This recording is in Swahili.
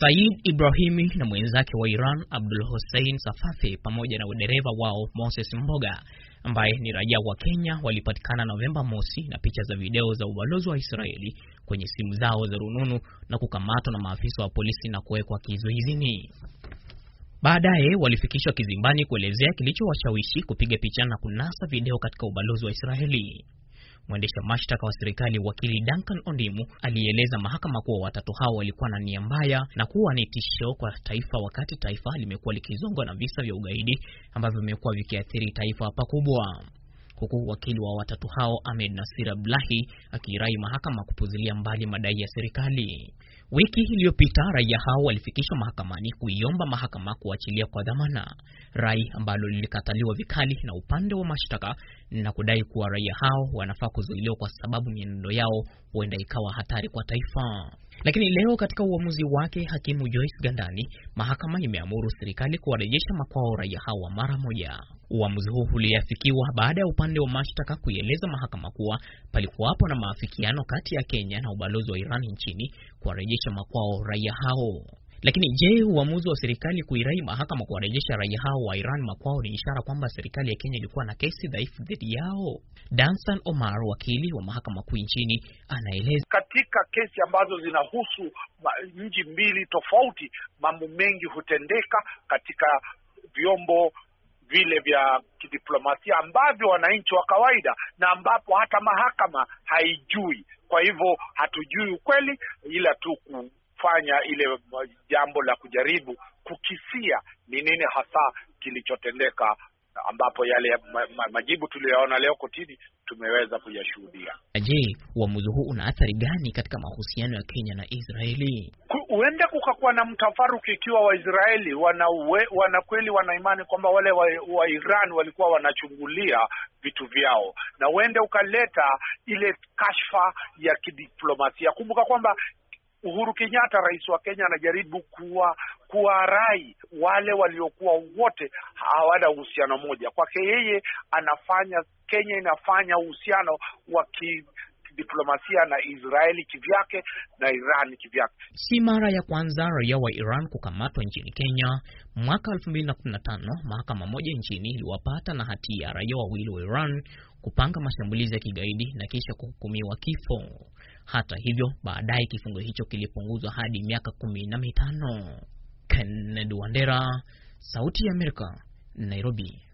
Said Ibrahimi na mwenzake wa Iran Abdul Hussein Safafi pamoja na udereva wao Moses Mboga ambaye ni raia wa Kenya walipatikana Novemba mosi na picha za video za ubalozi wa Israeli kwenye simu zao za rununu na kukamatwa na maafisa wa polisi na kuwekwa kizuizini. Baadaye walifikishwa kizimbani kuelezea kilichowashawishi kupiga picha na kunasa video katika ubalozi wa Israeli. Mwendesha mashtaka wa serikali wakili Duncan Ondimu alieleza mahakama kuwa watatu hao walikuwa na nia mbaya na kuwa ni tishio kwa taifa, wakati taifa limekuwa likizongwa na visa vya ugaidi ambavyo vimekuwa vikiathiri taifa pakubwa huku wakili wa watatu hao Ahmed Nasir Abdullahi akirai mahakama kupuzilia mbali madai ya serikali. Wiki iliyopita raia hao walifikishwa mahakamani kuiomba mahakama kuachilia kwa dhamana, rai ambalo lilikataliwa vikali na upande wa mashtaka na kudai kuwa raia hao wanafaa kuzuiliwa kwa sababu mienendo yao huenda ikawa hatari kwa taifa. Lakini leo katika uamuzi wake, hakimu Joyce Gandani, mahakama imeamuru serikali kuwarejesha makwao raia hawa mara moja. Uamuzi huu uliafikiwa baada ya upande wa mashtaka kuieleza mahakama kuwa palikuwapo na maafikiano kati ya Kenya na ubalozi wa Iran nchini kuwarejesha makwao raia hao. Lakini je, uamuzi wa serikali kuirai mahakama kuwarejesha raia hao wa Iran makwao ni ishara kwamba serikali ya Kenya ilikuwa na kesi dhaifu dhidi yao? Dansan Omar, wakili wa mahakama kuu nchini, anaeleza. Katika kesi ambazo zinahusu nchi mbili tofauti, mambo mengi hutendeka katika vyombo vile vya kidiplomasia ambavyo wananchi wa kawaida na ambapo hata mahakama haijui. Kwa hivyo hatujui ukweli, ila tu kufanya ile jambo la kujaribu kukisia ni nini hasa kilichotendeka ambapo yale ma, ma, majibu tuliyoona leo kotini tumeweza kuyashuhudia. Je, uamuzi huu una athari gani katika mahusiano ya Kenya na Israeli? Huenda kukakuwa na mtafaruku ikiwa Waisraeli wana, wana kweli wana imani kwamba wale wa, wa Iran walikuwa wanachungulia vitu vyao, na huenda ukaleta ile kashfa ya kidiplomasia. Kumbuka kwamba Uhuru Kenyatta, rais wa Kenya, anajaribu kuwa kuwarai wale waliokuwa wote hawana uhusiano moja. Kwake yeye, anafanya Kenya inafanya uhusiano wa ki diplomasia na Israeli kivyake na Iran kivyake. Si mara ya kwanza raia wa Iran kukamatwa nchini Kenya. Mwaka 2015 mahakama moja nchini iliwapata na hatia raia wawili wa Iran kupanga mashambulizi ya kigaidi na kisha kuhukumiwa kifo. Hata hivyo, baadaye kifungo hicho kilipunguzwa hadi miaka kumi na mitano. Kennedy Wandera, Sauti ya Amerika, Nairobi.